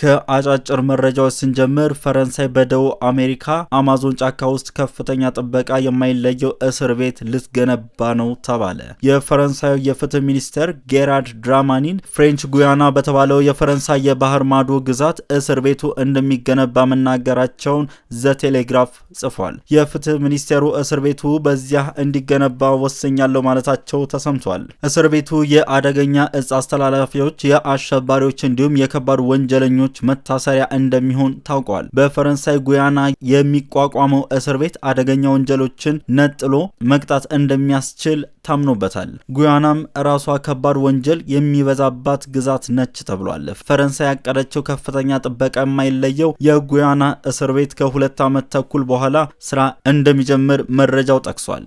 ከአጫጭር መረጃዎች ስንጀምር ፈረንሳይ በደቡብ አሜሪካ አማዞን ጫካ ውስጥ ከፍተኛ ጥበቃ የማይለየው እስር ቤት ልትገነባ ነው ተባለ። የፈረንሳዩ የፍትህ ሚኒስተር ጌራርድ ድራማኒን ፍሬንች ጉያና በተባለው የፈረንሳይ የባህር ማዶ ግዛት እስር ቤቱ እንደሚገነባ መናገራቸውን ዘቴሌግራፍ ጽፏል። የፍትህ ሚኒስቴሩ እስር ቤቱ በዚያ እንዲገነባ ወስኛለሁ ማለታቸው ተሰምቷል። እስር ቤቱ የአደገኛ እጽ አስተላላፊዎች፣ የአሸባሪዎች እንዲሁም የከባድ ወንጀለኞች እስረኞች መታሰሪያ እንደሚሆን ታውቋል። በፈረንሳይ ጉያና የሚቋቋመው እስር ቤት አደገኛ ወንጀሎችን ነጥሎ መቅጣት እንደሚያስችል ታምኖበታል። ጉያናም ራሷ ከባድ ወንጀል የሚበዛባት ግዛት ነች ተብሏል። ፈረንሳይ ያቀደችው ከፍተኛ ጥበቃ የማይለየው የጉያና እስር ቤት ከሁለት ዓመት ተኩል በኋላ ስራ እንደሚጀምር መረጃው ጠቅሷል።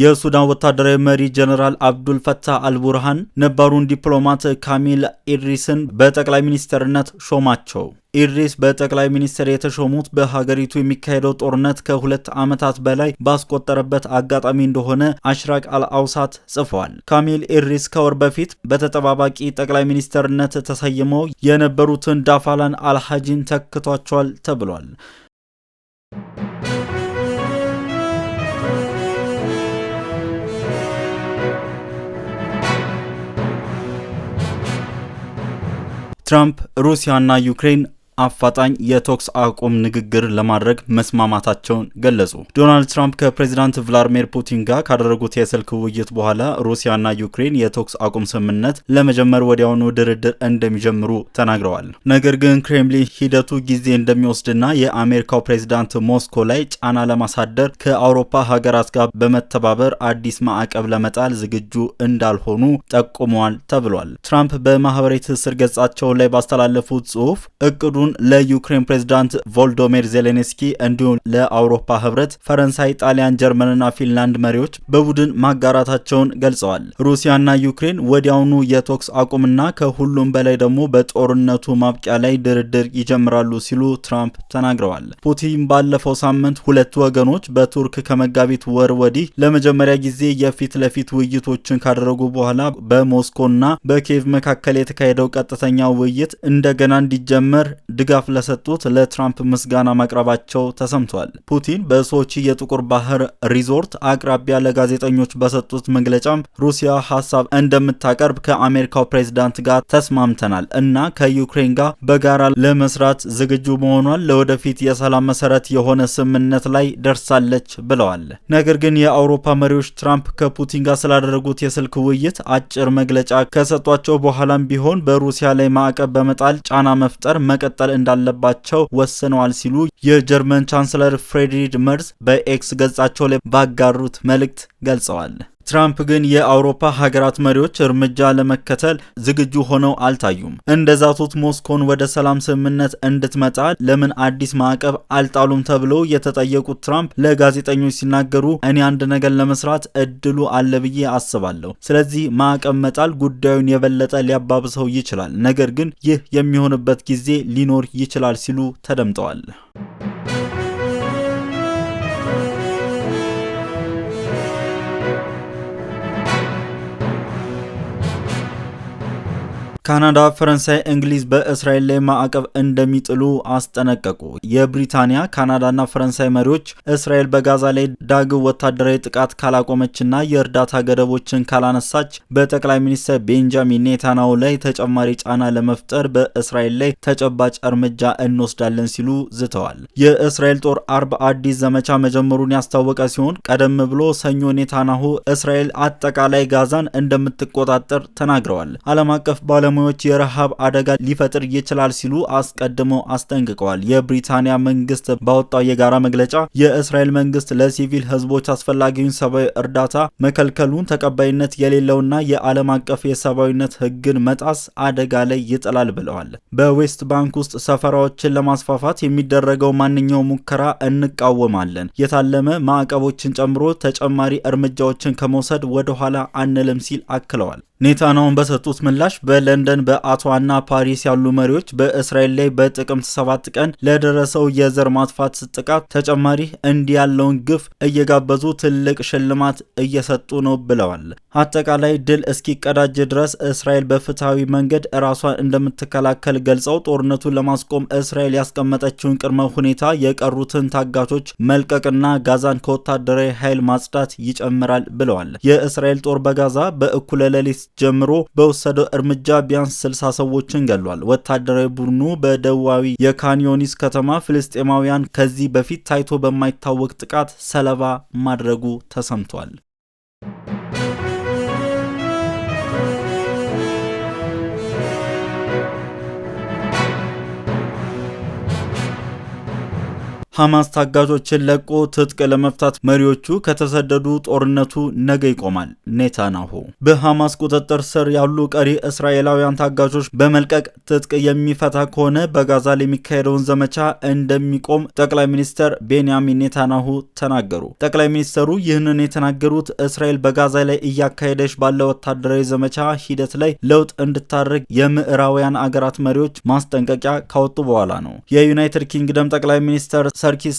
የሱዳን ወታደራዊ መሪ ጀነራል አብዱል ፈታህ አልቡርሃን ነባሩን ዲፕሎማት ካሚል ኢድሪስን በጠቅላይ ሚኒስትርነት ሾማቸው። ኢድሪስ በጠቅላይ ሚኒስትር የተሾሙት በሀገሪቱ የሚካሄደው ጦርነት ከሁለት ዓመታት በላይ ባስቆጠረበት አጋጣሚ እንደሆነ አሽራቅ አልአውሳት ጽፏል። ካሚል ኢድሪስ ከወር በፊት በተጠባባቂ ጠቅላይ ሚኒስትርነት ተሰይመው የነበሩትን ዳፋላን አልሃጂን ተክቷቸዋል ተብሏል። ትራምፕ ሩሲያና ዩክሬን አፋጣኝ የተኩስ አቁም ንግግር ለማድረግ መስማማታቸውን ገለጹ። ዶናልድ ትራምፕ ከፕሬዚዳንት ቭላድሚር ፑቲን ጋር ካደረጉት የስልክ ውይይት በኋላ ሩሲያና ዩክሬን የተኩስ አቁም ስምምነት ለመጀመር ወዲያውኑ ድርድር እንደሚጀምሩ ተናግረዋል። ነገር ግን ክሬምሊን ሂደቱ ጊዜ እንደሚወስድና የአሜሪካው ፕሬዚዳንት ሞስኮ ላይ ጫና ለማሳደር ከአውሮፓ ሀገራት ጋር በመተባበር አዲስ ማዕቀብ ለመጣል ዝግጁ እንዳልሆኑ ጠቁመዋል ተብሏል። ትራምፕ በማህበራዊ ትስስር ገጻቸው ላይ ባስተላለፉት ጽሑፍ እቅዱ መሆኑን ለዩክሬን ፕሬዝዳንት ቮልዶሜር ዜሌንስኪ እንዲሁም ለአውሮፓ ህብረት፣ ፈረንሳይ፣ ጣሊያን፣ ጀርመንና ፊንላንድ መሪዎች በቡድን ማጋራታቸውን ገልጸዋል። ሩሲያና ዩክሬን ወዲያውኑ የተኩስ አቁምና ከሁሉም በላይ ደግሞ በጦርነቱ ማብቂያ ላይ ድርድር ይጀምራሉ ሲሉ ትራምፕ ተናግረዋል። ፑቲን ባለፈው ሳምንት ሁለቱ ወገኖች በቱርክ ከመጋቢት ወር ወዲህ ለመጀመሪያ ጊዜ የፊት ለፊት ውይይቶችን ካደረጉ በኋላ በሞስኮና በኪየቭ መካከል የተካሄደው ቀጥተኛ ውይይት እንደገና እንዲጀመር ድጋፍ ለሰጡት ለትራምፕ ምስጋና ማቅረባቸው ተሰምቷል። ፑቲን በሶቺ የጥቁር ባህር ሪዞርት አቅራቢያ ለጋዜጠኞች በሰጡት መግለጫም ሩሲያ ሀሳብ እንደምታቀርብ ከአሜሪካው ፕሬዝዳንት ጋር ተስማምተናል እና ከዩክሬን ጋር በጋራ ለመስራት ዝግጁ መሆኗን ለወደፊት የሰላም መሰረት የሆነ ስምምነት ላይ ደርሳለች ብለዋል። ነገር ግን የአውሮፓ መሪዎች ትራምፕ ከፑቲን ጋር ስላደረጉት የስልክ ውይይት አጭር መግለጫ ከሰጧቸው በኋላም ቢሆን በሩሲያ ላይ ማዕቀብ በመጣል ጫና መፍጠር መቀጠል መቀጠል እንዳለባቸው ወስነዋል ሲሉ የጀርመን ቻንስለር ፍሬድሪድ መርስ በኤክስ ገጻቸው ላይ ባጋሩት መልእክት ገልጸዋል። ትራምፕ ግን የአውሮፓ ሀገራት መሪዎች እርምጃ ለመከተል ዝግጁ ሆነው አልታዩም። እንደ ዛቱት ሞስኮን ወደ ሰላም ስምምነት እንድትመጣ ለምን አዲስ ማዕቀብ አልጣሉም ተብለው የተጠየቁት ትራምፕ ለጋዜጠኞች ሲናገሩ እኔ አንድ ነገር ለመስራት እድሉ አለ ብዬ አስባለሁ። ስለዚህ ማዕቀብ መጣል ጉዳዩን የበለጠ ሊያባብሰው ይችላል፣ ነገር ግን ይህ የሚሆንበት ጊዜ ሊኖር ይችላል ሲሉ ተደምጠዋል። ካናዳ፣ ፈረንሳይ፣ እንግሊዝ በእስራኤል ላይ ማዕቀብ እንደሚጥሉ አስጠነቀቁ። የብሪታንያ ካናዳና ፈረንሳይ መሪዎች እስራኤል በጋዛ ላይ ዳግም ወታደራዊ ጥቃት ካላቆመችና የእርዳታ ገደቦችን ካላነሳች በጠቅላይ ሚኒስትር ቤንጃሚን ኔታናው ላይ ተጨማሪ ጫና ለመፍጠር በእስራኤል ላይ ተጨባጭ እርምጃ እንወስዳለን ሲሉ ዝተዋል። የእስራኤል ጦር አርብ አዲስ ዘመቻ መጀመሩን ያስታወቀ ሲሆን ቀደም ብሎ ሰኞ ኔታናሁ እስራኤል አጠቃላይ ጋዛን እንደምትቆጣጠር ተናግረዋል። ዓለም አቀፍ ባለ ባለሙያዎች የረሃብ አደጋ ሊፈጥር ይችላል ሲሉ አስቀድመው አስጠንቅቀዋል። የብሪታንያ መንግስት ባወጣው የጋራ መግለጫ የእስራኤል መንግስት ለሲቪል ህዝቦች አስፈላጊውን ሰብአዊ እርዳታ መከልከሉን ተቀባይነት የሌለውና የዓለም አቀፍ የሰብአዊነት ህግን መጣስ አደጋ ላይ ይጥላል ብለዋል። በዌስት ባንክ ውስጥ ሰፈራዎችን ለማስፋፋት የሚደረገው ማንኛውም ሙከራ እንቃወማለን። የታለመ ማዕቀቦችን ጨምሮ ተጨማሪ እርምጃዎችን ከመውሰድ ወደኋላ አንልም ሲል አክለዋል። ኔታናውን በሰጡት ምላሽ በለንደን በለንደን በአቷና ፓሪስ ያሉ መሪዎች በእስራኤል ላይ በጥቅምት ሰባት ቀን ለደረሰው የዘር ማጥፋት ጥቃት ተጨማሪ እንዲህ ያለውን ግፍ እየጋበዙ ትልቅ ሽልማት እየሰጡ ነው ብለዋል። አጠቃላይ ድል እስኪቀዳጅ ድረስ እስራኤል በፍትሐዊ መንገድ ራሷን እንደምትከላከል ገልጸው ጦርነቱን ለማስቆም እስራኤል ያስቀመጠችውን ቅድመ ሁኔታ የቀሩትን ታጋቾች መልቀቅና ጋዛን ከወታደራዊ ኃይል ማጽዳት ይጨምራል ብለዋል። የእስራኤል ጦር በጋዛ በእኩለ ሌሊት ጀምሮ በወሰደው እርምጃ ቢያንስ 60 ሰዎችን ገሏል። ወታደራዊ ቡድኑ በደቡባዊ የካኒዮኒስ ከተማ ፍልስጤማውያን ከዚህ በፊት ታይቶ በማይታወቅ ጥቃት ሰለባ ማድረጉ ተሰምቷል። ሐማስ ታጋቾችን ለቆ ትጥቅ ለመፍታት መሪዎቹ ከተሰደዱ ጦርነቱ ነገ ይቆማል። ኔታናሁ በሐማስ ቁጥጥር ስር ያሉ ቀሪ እስራኤላውያን ታጋቾች በመልቀቅ ትጥቅ የሚፈታ ከሆነ በጋዛ የሚካሄደውን ዘመቻ እንደሚቆም ጠቅላይ ሚኒስትር ቤንያሚን ኔታናሁ ተናገሩ። ጠቅላይ ሚኒስትሩ ይህንን የተናገሩት እስራኤል በጋዛ ላይ እያካሄደች ባለ ወታደራዊ ዘመቻ ሂደት ላይ ለውጥ እንድታደርግ የምዕራውያን አገራት መሪዎች ማስጠንቀቂያ ካወጡ በኋላ ነው። የዩናይትድ ኪንግደም ጠቅላይ ሚኒስትር ሰር ኪር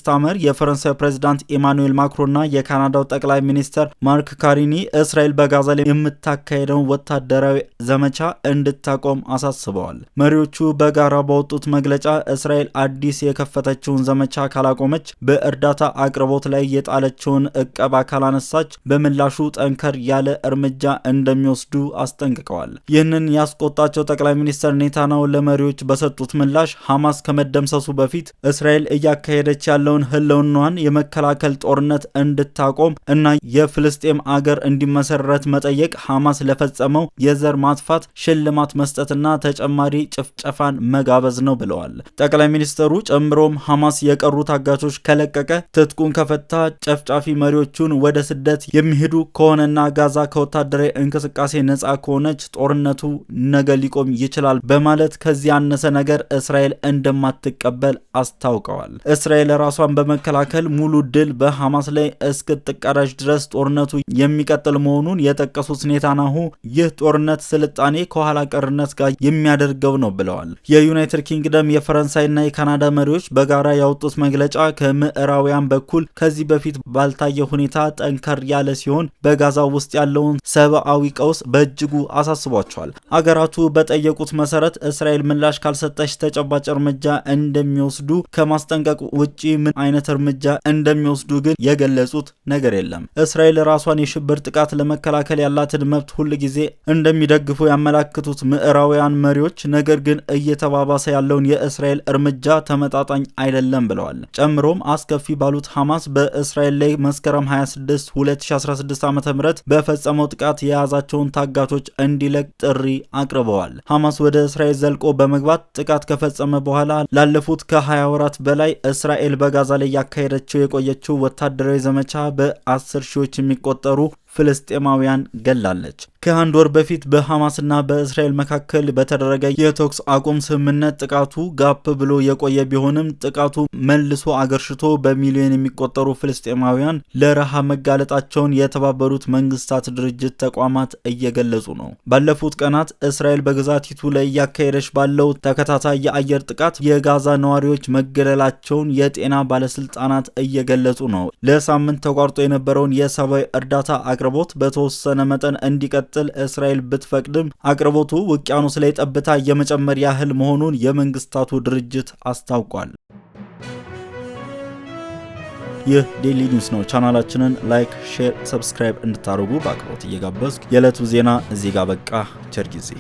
የፈረንሳይ ፕሬዚዳንት ኢማኑኤል ማክሮንና የካናዳው ጠቅላይ ሚኒስተር ማርክ ካሪኒ እስራኤል በጋዛ ላይ የምታካሄደውን ወታደራዊ ዘመቻ እንድታቆም አሳስበዋል። መሪዎቹ በጋራ በወጡት መግለጫ እስራኤል አዲስ የከፈተችውን ዘመቻ ካላቆመች፣ በእርዳታ አቅርቦት ላይ የጣለችውን እቀባ ካላነሳች በምላሹ ጠንከር ያለ እርምጃ እንደሚወስዱ አስጠንቅቀዋል። ይህንን ያስቆጣቸው ጠቅላይ ሚኒስትር ኔታናው ለመሪዎች በሰጡት ምላሽ ሐማስ ከመደምሰሱ በፊት እስራኤል እያካሄደች እየታገለች ያለውን ህልውናዋን የመከላከል ጦርነት እንድታቆም እና የፍልስጤም አገር እንዲመሰረት መጠየቅ፣ ሐማስ ለፈጸመው የዘር ማጥፋት ሽልማት መስጠትና ተጨማሪ ጭፍጨፋን መጋበዝ ነው ብለዋል። ጠቅላይ ሚኒስትሩ ጨምሮም ሐማስ የቀሩ ታጋቾች ከለቀቀ፣ ትጥቁን ከፈታ፣ ጨፍጫፊ መሪዎቹን ወደ ስደት የሚሄዱ ከሆነና ጋዛ ከወታደራዊ እንቅስቃሴ ነጻ ከሆነች ጦርነቱ ነገ ሊቆም ይችላል በማለት ከዚህ ያነሰ ነገር እስራኤል እንደማትቀበል አስታውቀዋል። እስራኤል እስራኤል ራሷን በመከላከል ሙሉ ድል በሐማስ ላይ እስክትቀዳጅ ድረስ ጦርነቱ የሚቀጥል መሆኑን የጠቀሱት ኔታናሁ ይህ ጦርነት ስልጣኔ ከኋላ ቀርነት ጋር የሚያደርገው ነው ብለዋል። የዩናይትድ ኪንግደም የፈረንሳይና የካናዳ መሪዎች በጋራ ያወጡት መግለጫ ከምዕራባውያን በኩል ከዚህ በፊት ባልታየ ሁኔታ ጠንከር ያለ ሲሆን በጋዛ ውስጥ ያለውን ሰብአዊ ቀውስ በእጅጉ አሳስቧቸዋል። አገራቱ በጠየቁት መሰረት እስራኤል ምላሽ ካልሰጠች ተጨባጭ እርምጃ እንደሚወስዱ ከማስጠንቀቅ ውጭ ውጪ ምን አይነት እርምጃ እንደሚወስዱ ግን የገለጹት ነገር የለም። እስራኤል ራሷን የሽብር ጥቃት ለመከላከል ያላትን መብት ሁል ጊዜ እንደሚደግፉ ያመላክቱት ምዕራውያን መሪዎች ነገር ግን እየተባባሰ ያለውን የእስራኤል እርምጃ ተመጣጣኝ አይደለም ብለዋል። ጨምሮም አስከፊ ባሉት ሐማስ በእስራኤል ላይ መስከረም 26 2016 ዓ ም በፈጸመው ጥቃት የያዛቸውን ታጋቾች እንዲለቅ ጥሪ አቅርበዋል። ሐማስ ወደ እስራኤል ዘልቆ በመግባት ጥቃት ከፈጸመ በኋላ ላለፉት ከ20 ወራት በላይ እስራኤል እስራኤል በጋዛ ላይ ያካሄደችው የቆየችው ወታደራዊ ዘመቻ በአስር ሺዎች የሚቆጠሩ ፍልስጤማውያን ገላለች። ከአንድ ወር በፊት በሐማስና በእስራኤል መካከል በተደረገ የተኩስ አቁም ስምምነት ጥቃቱ ጋፕ ብሎ የቆየ ቢሆንም ጥቃቱ መልሶ አገርሽቶ በሚሊዮን የሚቆጠሩ ፍልስጤማውያን ለረሃብ መጋለጣቸውን የተባበሩት መንግስታት ድርጅት ተቋማት እየገለጹ ነው። ባለፉት ቀናት እስራኤል በግዛቲቱ ላይ እያካሄደች ባለው ተከታታይ የአየር ጥቃት የጋዛ ነዋሪዎች መገደላቸውን የጤና ባለስልጣናት እየገለጹ ነው። ለሳምንት ተቋርጦ የነበረውን የሰብአዊ እርዳታ አቅርቦት በተወሰነ መጠን እንዲቀጥ እንዲቀጥል እስራኤል ብትፈቅድም አቅርቦቱ ውቅያኖስ ላይ ጠብታ የመጨመር ያህል መሆኑን የመንግስታቱ ድርጅት አስታውቋል። ይህ ዴሊ ኒውስ ነው። ቻናላችንን ላይክ፣ ሼር፣ ሰብስክራይብ እንድታደርጉ በአክብሮት እየጋበዝኩ የዕለቱ ዜና እዚህ ጋር በቃ። ቸር ጊዜ